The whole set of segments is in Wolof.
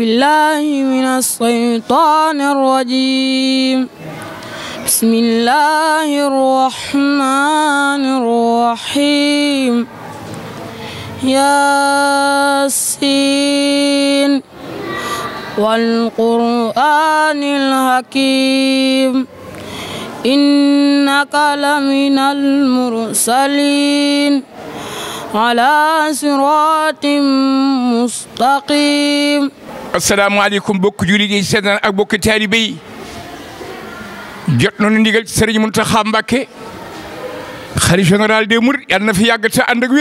بالله من الشيطان الرجيم بسم الله الرحمن الرحيم ياسين والقرآن الحكيم إنك لمن المرسلين على صراط مستقيم asalaamaaleykum bokk jullit yi seetaan ak bokk taalibe yi jot nañu ndigal ci sëriñ Mountakha Mbacké xalifa général des mourides yal na fi yàgg te ànd ak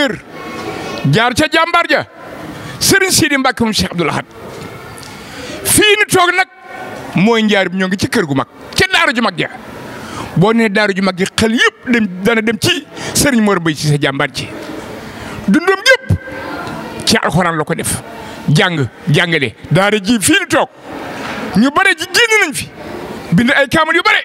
jaar ca jàmbaar ja sëriñ Sidi Mbacké moom Cheikh Abdoul fii ni toog nag mooy njaar ñoo ngi ci kër gu mag ca daara ju mag ja boo nee daara ju mag ji xel yëpp dem dana dem ci sëriñ Mor Mbaye ci sa jàmbaar ji dundam yëpp ci alxuraan la ko def jàng jàngale daara ji fii di toog ñu bare ji génn nañ fi bind ay kaamil yu bare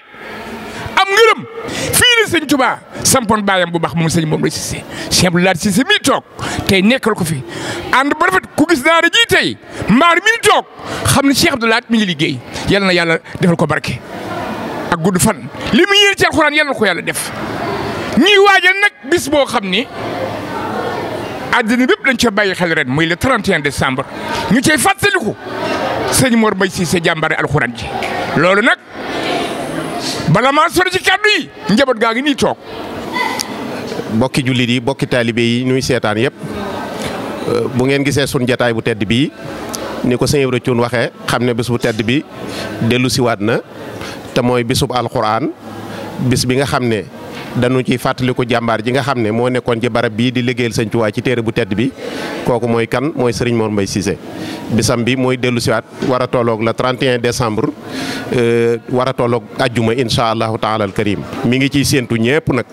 am ngërëm fii di sëñ Tuubaa sampoon baayam bu baax moom sëñ moom la Cissé Cheikh Abdou Lahad Cissé mii toog tey nekkal ko fi ànd ba rafet ku gis daara ji tey mbaar mi toog xam ne Cheikh Abdou Lahad mi ngi liggéey yal na yàlla defal ko barke ak gudd fan li mu ci alxuraan yal ko yàlla def ñuy waajal nag bis boo xam ni àddina bépp dañ ca bàyyi xel ren muy le 31 décembre ñu cay fàttaliku sëñ Mor Mbaye Cissé jàmbare alxuraan ji loolu nag bala maa sori ci kàddu yi njaboot gaa ngi nii toog. mbokki jullit yi mbokki taalibe yi ñuy seetaan yëpp bu ngeen gisee sun jataay bu tedd bii ni ko sëñ Ibra Cuun waxee xam ne bés bu tedd bi dellu siwaat na te mooy bésub alxuraan. bis bi nga xam ne dañu ciy fàttaliku jàmbaar ji nga xam ne moo nekkoon ci barab bii di liggéeyal sëñ ci téere bu tedd bi kooku mooy kan mooy Serigne Mor mbay Cissé bisam bi mooy dellu si siwaat war a tolloog le 31 décembre euh, war a tolloog ajjuma incha allahu taala al karim mi ngi ciy séentu ñëpp nag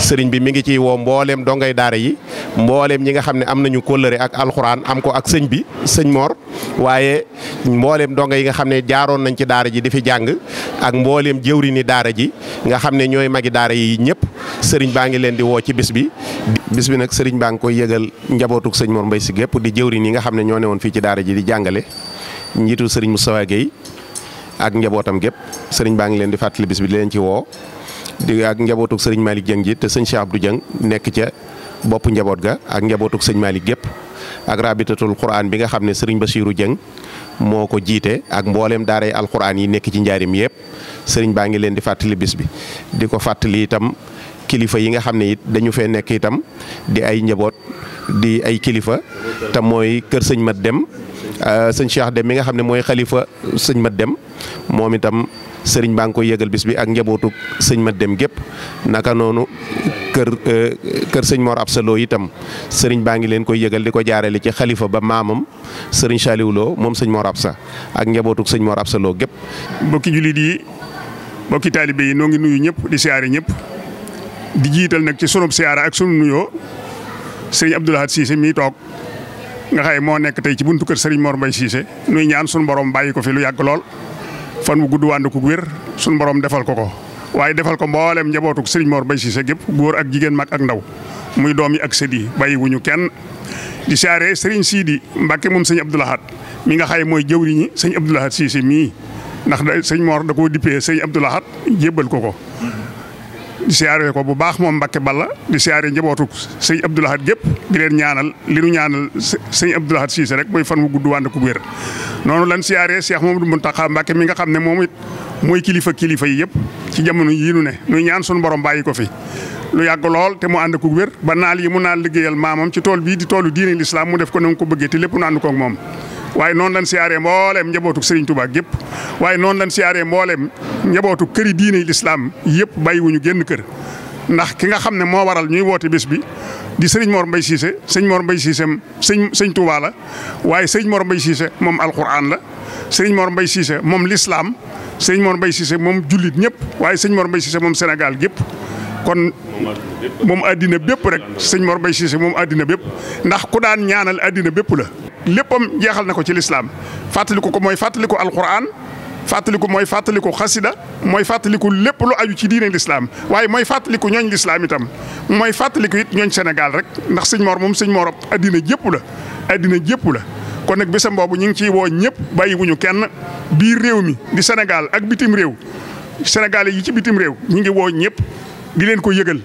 sëriñ bi mi ngi ciy woo mbooleem dongay daara yi mbooleem ñi nga xam ne am nañu kóllëre ak alxuraan am ko ak sëñ bi sëñ moor waaye mbooleem donga yi nga xam ne jaaroon nañ ci daara ji di jàng ak mbooleem jëwri ni daara xam ne ñooy magi daara yi ñëpp sëriñ baa ngi leen di woo ci bis bi bis bi nag sëriñ baa ngi koy yëgal njabootuk sëñ Mor Mbay si gépp di jëwriñ yi nga xam ne ñoo ne woon fii ci daara ji di jàngale njiitu sëriñ Moustapha Guèye ak njabootam gépp sëriñ baa ngi leen di fàttali bis bi di leen ci woo di ak njabootuk sëriñ Malick Dieng ji te sëñ Cheikh Abdou Dieng nekk ca bopp njaboot ga ak njabootuk sëñ Malick gépp ak rabitatul quran bi nga xam ne sëriñ siiru jeng moo ko jiite ak mbooleem daaray alxuraan yi nekk ci njaarim yëpp sëriñ baa ngi leen di fàttali bis bi di ko fàttali itam kilifa yi nga xam ne it dañu fee nekk itam di ay njaboot di ay kilifa te mooy kër sëñ mat dem euh, sëñ Cheikh dem mi nga xam ne mooy xalifa sëñ mat dem moom itam sëriñ baa ngi koy yëgal bis bi ak njabootu sëñ ma dem gépp naka noonu kër euh, kër sëñ Mor Absa Lo itam sëriñ baa ngi leen koy yëgal di ko jaarale ci xalifa ba maamam sëriñ Saliou Lo moom sëñ ab sa ak njabootu sëñ Mor Absa Lo gépp mbokki jullit yi mbokki taalibe yi noo ngi nuyu ñëpp di siyaare ñëpp di jiital nag ci sunub siyaara ak sunu nuyoo sëriñ Abdou Lahad Cissé mii toog nga xay moo nekk tey ci buntu kër sëriñ Mor Mbaye Cissé nuy ñaan sunu borom bàyyi ko fi lu yàgg lool. fan wu gudd wànd ku wér suñu borom defal ko ko waaye defal ko mboolem njabootuk sëriñ bay Mbaye Cissé gépp góor ak jigéen mag ak ndaw muy doom yi ak sët yi bàyyi wuñu kenn di siyaare sëriñ Sidi Mbàkke moom sëñ Abdou Lahad mi nga xay mooy jëwriñi sëñ Abdou Lahad si mii ndax da sëñ Mor da koo dippee sëñ Abdou Lahad jébbal ko ko di siyaare ko bu baax moom Mbacke Balla di siyaare njabootu sëñ Abdou Lahad gépp di leen ñaanal li nu ñaanal sëñ Abdou Lahad Cissé rek mooy fan wu gudd wànd ku wér noonu lan siyaare Cheikh Mamadou Mountakha Mbacke mi nga xam ne moom it mooy kilifa kilifa yi yëpp ci jamono yii nu ne nuy ñaan sunu borom bàyyi ko fi. lu yàgg lool te mu ànd ko wér ba naal yi mu naal liggéeyal maamam ci tool bii di toolu diine l'islam mu def ko na nga ko bëggee te lépp waaye noonu lañ siyaaree mbooleem njabootu Serigne Touba gépp waaye noonu lañ siyaaree mbooleem njabootu këri diine lislaam yëpp wuñu génn kër ndax ki nga xam ne moo waral ñuy woote bés bi di Serigne Mor mbay Cissé sëñ moor mbay Cissé sëñ sëñ la waaye sëñ Mor mbay Cissé moom alquran la Serigne Mor mbay Cissé moom lislaam sëñ Mor Mbaye Cissé moom jullit ñëpp waaye sëñ Mor Mbaye Cissé moom Sénégal gépp kon moom àddina bépp rek sëñ Mor Mbaye moom àddina bépp ndax ku daan ñaanal àddina bépp la léppam jeexal na ko ci lislaam fàttaliku ko mooy fàttaliku alquran fàttaliku mooy fàttaliku xasida mooy fàttaliku lépp lu aju ci diine lislaam waaye mooy fàttaliku ñooñ lislaam itam mooy fàttaliku it ñooñ Sénégal rek ndax sëñ moor moom sëñ Mor addina jëpp la addina jëpp la kon nag bésam boobu ñu ngi ciy woo ñëpp bàyyiwuñu kenn biir réew mi di Sénégal ak bitim réew Sénégalais yi ci bitim réew ñu ngi woo ñëpp di leen ko yëgal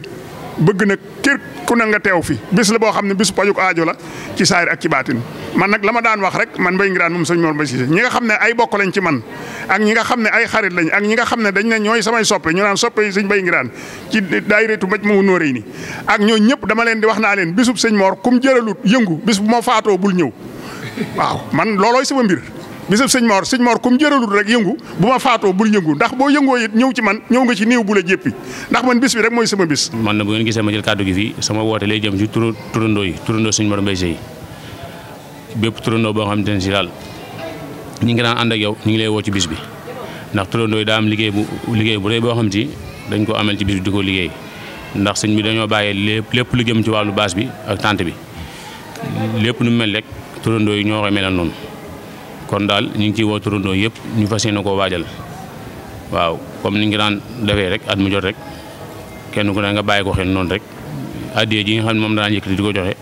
bëgg na kër ku na nga teew fi bis la boo xam ne bisu pajuk aajo la ci saayir ak ci baatin man nag lama ma daan wax rek man Mbaye Nguirane moom sëñ Mor Mbaye Cissé ñi nga xam ne ay lañ ci man ak nga xam ne ay xarit lañ ak ñi nga xam ne dañ ne ñooy samay soppe ñu naan soppe sëñ Mbaye Nguirane ci daayiratu maj mu nóoré ni ak ñoo ñëpp dama leen di wax naa leen bisub sëñ moor kum jëralut yëngu bis bu ma faatoo bul ñëw waaw man loolooy sama mbir bisab sëñ Mor sëñ Mor comme jëralul rek yëngu bu ma faatoo bul yëngu ndax boo yëngoo ñëw ci man ñëw nga ci néew bu la jéppi ndax man bis bi rek mooy sama bis man na bu ngeen gisee ma jël kàddu gi fii sama woote lay jëm ci tur turandoo yi turandoo sëñ Mor Mbaye Seye bépp turandoo boo xamante ne si daal ñi ngi daan ànd ak yow ñu ngi lay woo ci bis bi ndax turandoo yi daa am liggéey bu liggéey bu rëy boo xam ci dañ ko amel ci bis bi di ko liggéey ndax sëñ bi dañoo bàyyee lépp lépp lu jëm ci wàllu baas bi ak tànt bi lépp nu mel rek turandoo yi ñoo koy melal noonu kon daal ñu ngi ciy woo turandoo yëpp ñu fas yéene koo waajal waaw comme ni ngi daan defee rek at mu jot rek kenn ku ne nga bàyyi ko xel noonu rek addiya ji nga xam ne moom daan yëkkati di ko joxe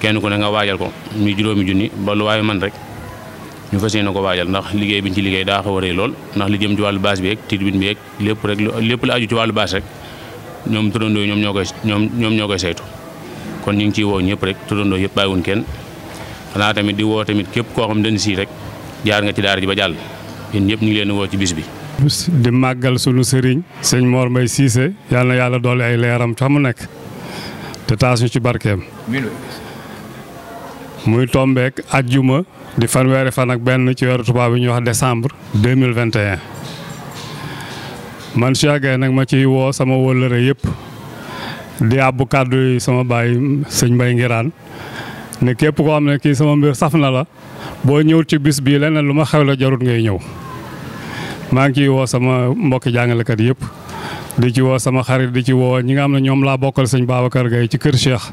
kenn ku ne nga waajal ko muy juróomi junni ba lu waaye man rek ñu fas yéene ko waajal ndax liggéey bi ñu ci liggéey daa xaw a lool ndax li jëm ci wàllu bâche bi yeeg tribune bi yeeg lépp rek lépp la aju ci wàllu bâche rek ñoom turandoo ñoom ñoo koy ñoo koy saytu kon ñu ngi ciy woo ñëpp rek turandoo yëpp bàyyiwuñ kenn xanaa tamit di woo tamit koo xam dañ si rek jaar nga ci daar ji ba jàll ñun ñëpp ñu ngi leen woo ci bis bi. bis di màggal sunu sëriñ sëñ Mor Mbaye Cissé yal na yàlla doole ay leeram fa mu nekk te taas ñu ci barkeem. muy tombeek ajjuma di fanweeri fan ak benn ci weeru tubaab bi ñuy wax décembre deux mille vingt et un man Cheikh Gaye nag ma ciy woo sama wóllëre yëpp di àbbu kàddu sama baay sëñ Mbaye Ngiraan ne képp koo xam ne kii sama mbir saf na la. boo ñëwul ci bis bii leneen lu ma xew la jarut ngay ñëw maa ngi ciy woo sama mbokki jàngalekat yëpp di ci woo sama xarit di ci woo ñi nga xam ne ñoom laa bokkal sëñ Babacar Gaye ci kër Cheikh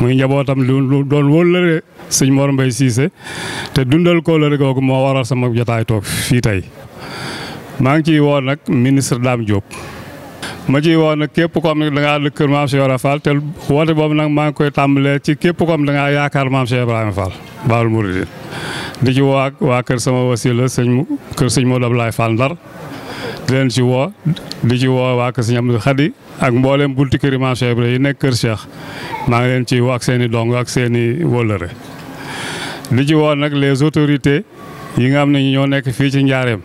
muy njabootam lu doon wóllëre sëñ Mor Mbaye siise te dundal kóllëre googu moo waral sama jotaay toog fii tey maa ngi ciy woo nag ministre Dame Diop ma ciy woo nag képp koo xam ne da ngaa kër maam Cheikh Ibrahima Fall te woote boobu nag maa ngi koy tàmbalee ci képp koo xam ne da ngaa yaakaar maam Cheikh Ibrahima Fall di ci woo ak waa kër sama wasila sëñ kër sëñ Modou Abdoulaye Fall Ndar di ci woo di ci woo waa kër sëñ Amady ak mboolem bunti kër maam Cheikh yi nekk kër Cheikh maa ngi leen ci woo ak seeni i dong ak seeni i wóllëre di ci woo nag les autorités yi nga xam ne ñoo nekk fii ci Njaareem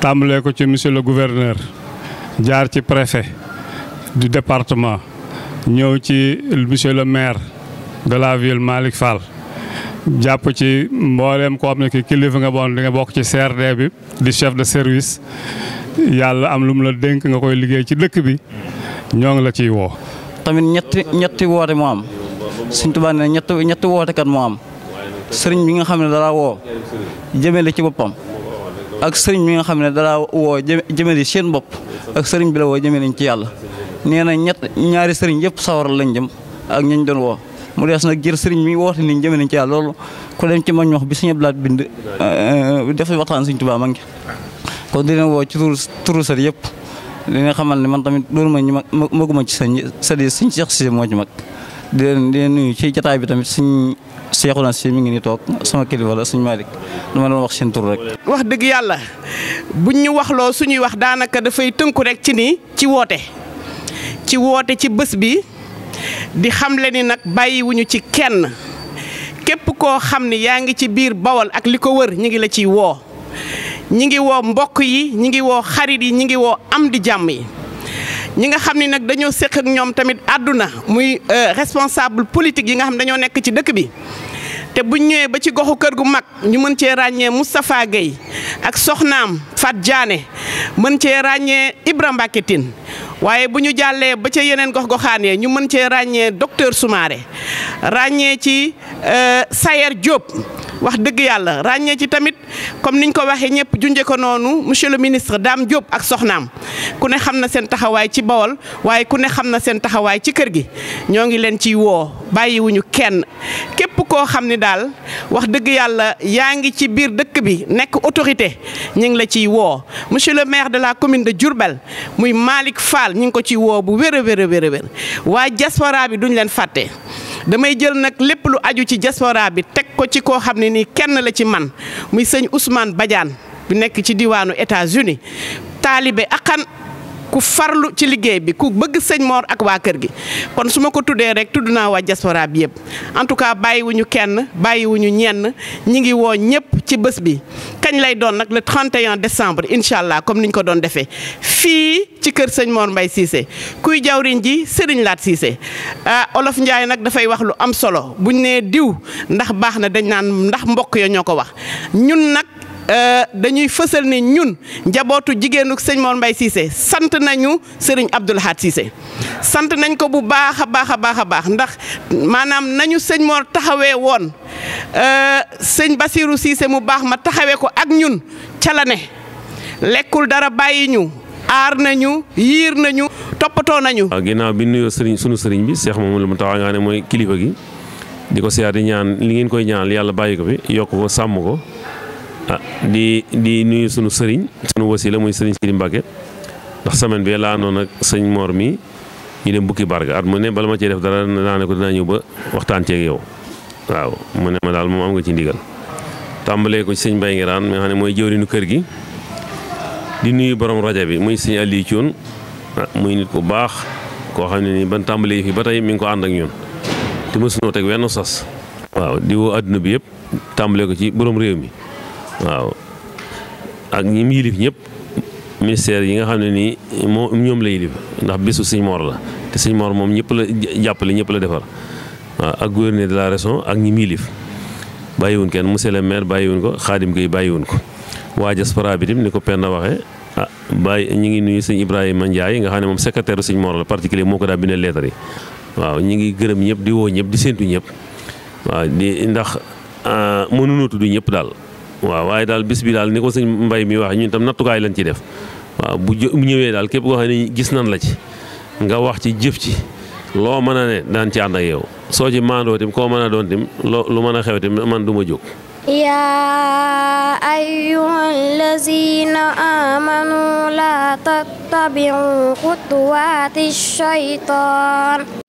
tàmbalee ko ci monsieur le gouverneur. jaar ci préfet du département ñëw ci monsieur le maire de la ville Malick Fall jàpp ci mbooleem koo xam ne ki kilifa nga bon di nga bokk ci CRD bi di chef de service yàlla am lu mu la dénk nga koy liggéey ci dëkk bi ñoo ngi la ciy woo. tamit ñetti ñetti woote moo am Sëriñ Tuubaa ne ñetti ñetti wootekat moo am sëriñ bi nga xam ne dara woo jëmale ci boppam. ak sëriñ bi nga xam ne dalaa woo jëmale seen bopp ak sëriñ bi la woo jëmee nañ ci yàlla nee na ñett ñaari sëriñ yëpp sawaral lañ jëm ak ñañ doon woo mu des nag jër sëriñ mi woote niñ jëmee nañ ci yàlla loolu ko dem ci mañ wax bi suñu blaat bind eh, eh, def waxtaan suñ Tuubaa ma ngi kon dina woo ci turu turu sër yëpp dina xamal ne man tamit loolu ma ñu mag maguma ci sëñ sëriñ Seex Sise moo ci mag di leen nuyu ci jataay bi tamit suñ seexuna si mi ngi ni toog sama kilifa la suñ Malick dama wax seen tur rek. wax dëgg yàlla buñ ñu waxloo suñuy wax daanaka dafay tënku rek ci ni ci woote ci woote ci bës bi di xamle ni nag bàyyiwuñu ci kenn képp koo xam ni yaa ngi ci biir Bawol ak li ko wër ñu ngi la ciy woo ñu ngi woo mbokk yi ñu ngi woo xarit yi ñu ngi woo am di jàmm yi. ñi nga xam ni nag dañoo séq ak ñoom tamit àdduna muy euh, responsable politique yi nga xam dañoo nekk ci dëkk bi te bu ñëwee ba ci goxu kër gu mag ñu mën cee ràññee Moustapha Guèye ak soxnaam Fat Diané mën cee ràññee Ibra Mbacké waaye bu ñu jàllee ba ca yeneen gox goxaanee ñu mën cee ràññee docteur Soumaré ràññee ci euh, Sayer Diop. wax dëgg yàlla ràññee ci tamit comme niñ ko waxee ñëpp junje ko noonu monsieur le ministre daam Diop ak soxnaam ku ne xam na seen taxawaay ci Bawol waaye ku ne xam na seen taxawaay ci kër gi ñoo ngi leen ciy woo bàyyiwuñu kenn képp koo xam ne daal wax dëgg yàlla yaa ngi ci biir dëkk bi nekk autorité ñu ngi la ciy woo monsieur le maire de la commune de Diourbel muy Malick Fall ñu ngi ko ciy woo bu wér a wér a wér a waa diaspora bi duñ leen fàtte damay jël nag lépp lu aju ci diaspora bi teg ko ci koo xam ne nii kenn la ci man muy sëñ Ousmane Badiane bi nekk ci diwaanu États-Unis taalibe akan ku farlu ci liggéey bi ku bëgg sëñ moor ak waa kër gi kon su ma ko tuddee rek tudd naa waa diaspora bi yëpp en tout cas bàyyiwuñu kenn bàyyiwuñu ñenn ñi ngi woo ñëpp ci bés bi kañ lay doon nag le 31 décembre incha allah comme niñ ko doon defee fii ci kër sëñ moor mbay Cissé kuy jawriñ ji sëriñ Laat Cissé ah olof Ndiaye nag dafay wax lu am solo buñ nee diw ndax baax na dañ naan ndax mbokk ya ñoo ko wax ñun nag Euh, dañuy fësal ne ñun njabootu jigéenu sëñ Mor mbay Cissé sant nañu sëriñ Abdou Lahad Cissé sant nañ ko bu baax a baax a baax a baax ndax maanaam nañu sëñ Mor taxawee woon euh, sëñ Basirou Cissé mu baax ma taxawee ko ak ñun ca la ne lekkul dara bàyyi ñu aar nañu yiir nañu toppatoo nañu. waaw ginnaaw bi nuyoo sëriñ sunu sëriñ bi Cheikh Mamadou Mountakha nga xam ne mooy kilifa gi di ko siyaar di ñaan li ngeen koy ñaan yàlla bàyyi ko bi yokk ko sàmm ko. Ah, di di nuyu sunu sëriñ sunu wasila muy sëriñ Sidi Mbacke ndax semaine bi laa àndoon ak sëñ moor mi ñu dem bukki barga at mu ne bala ma cee def dara naa ko dinaa ñëw ba waxtaan ceeg yow waaw mu ne ma daal moom am nga ci ndigal tàmbalee ko ci sëñ Mbaye ngi mi mooy jëwriñu kër gi di nuyu borom rajo bi muy sëñ Aliou Thioune ah, muy nit ku baax koo xam ne nii ban tàmbalee fii ba tey mi ngi ko ànd ak ñun te mësunoo teg wenn sas waaw di woo adduna bi yëpp tàmbalee ko ci borom réew mi waaw ak ñi mu yilif ñëpp ministère yi nga xam ne nii moo ñoom la yilif ndax bisu sëñ Mor la te sëñ mooro moom ñëpp la jàppale ñëpp la defar waaw ak gouverneur de la région ak ñi mu yilif bàyyiwun kenn monsieur le maire bàyyiwun ko xaadim Gueye bàyyiwun ko waa diaspora bi tam ni ko Penda waxee ah bàyyi ñu ngi nuyu ibrahim Ibrahima Ndiaye nga xam ne moom secrétaire sëñ Mor la particulier moo ko daa bindee lettre yi waaw ñu ngi gërëm ñëpp di woo ñëpp di séentu ñëpp waaw di ndax ah, mënuñu tudd ñëpp daal waaw waaye daal bis bi daal ni ko sëñ mbay mi wax ñun tam nattukaay lañ ci def waaw bu ñëwee daal képp koo xam gis nan la ci nga wax ci jëf ci loo mën a ne daan ci ànd ak yow soo ci maandoo tim koo mën a doon tim lu mën a xew tim man du ma jóg yaa ayyuhallaziina aamanu laa tattabi'u xutuwaati shaytaan